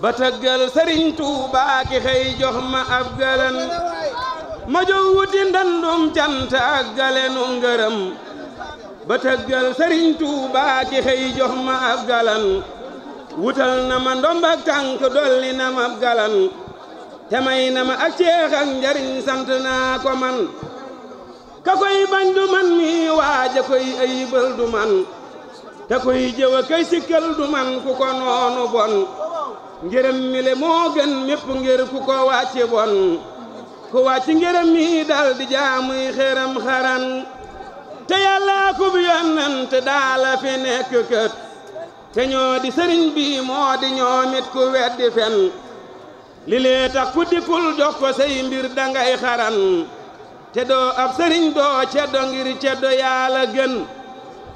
ba tëggal sëriñ Tuubaa ki jox ma ab galan ma wuti ndandum cant ak galenu ngërëm ba sëriñ Tuubaa ki jox ma ab galan wutal na ma ndomba tànk dolli na ma ab galan te may na ma ak njariñ sant naa ko man ka koy bañ waaja koy ayibal du man te koy kay sikkal du man ku ko noonu bon ngërëm mi le moo gën mépp ngir ku ko wàcce bon ku wàcc ngërëm mi dal di jaamuy xëram xaran te yàlla ku bi yonent daala fi nekk kët te ñoo di sëriñ bi moo di ñoomit ku weddi fen li lee tax ku dikkul jox ko say mbir dangay xaran te doo ab sëriñ doo ceddo ngir ceddo yàlla gën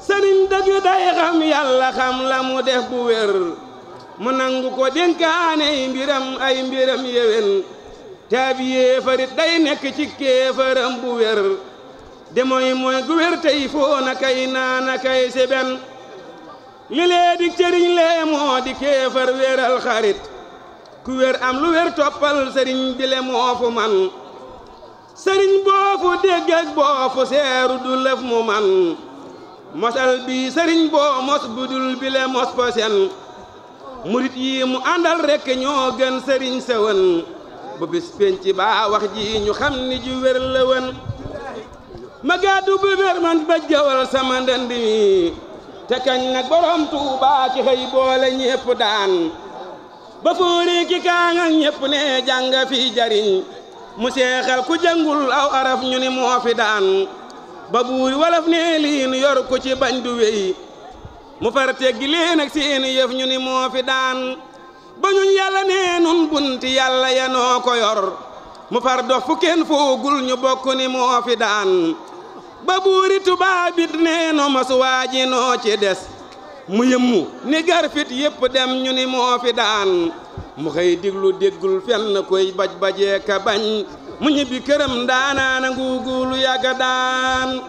sëriñ dëgg xam yàlla xam la def bu wér mu nangu ko dénkaane ay mbiram ay mbiram yewen taab yéefarit day nekk ci kéefaram bu wér de mooy mooy gu wér tey foo kay naana kay seben li lee di cëriñ moo di kéefar wéral xarit ku wér am lu wér toppal sëriñ bi moo fu man sëriñ boofu dégg ak boofu seeru du lëf mu man mosal bi sëriñ boo mos budul bi le mos fa murit yi mu àndal rekk ñoo gën sëriñ sëwën bu bis penc baa wax ji ñu xam ni ju wér ma gàddu bu wér man ba sama ndënd mi te kañ nag borom tuubaa ki xëy boole ñépp daan ba fóoree ki kaang ne jànga fi jariñ mu seexal ku jàngul aw araf ñu ni moo daan ba buur walaf ne lii yor ku ci bañ du wéy mu far teggi leen ak seeni ñu ni moo fi daan ba ñun yàlla nee nun bunti yàlla ya noo ko mu far dox fu kenn foogul ñu bokk ni moo fi daan ba buuri tubaabit nee nu masuwaa ji noo ci des mu yëmmu ni garfit yépp dem ñu ni moo fi daan mu xëy diglu déggul fenn koy baj bajee ka bañ mu ñibbi këram ndaanaana nguugulu yàgga daan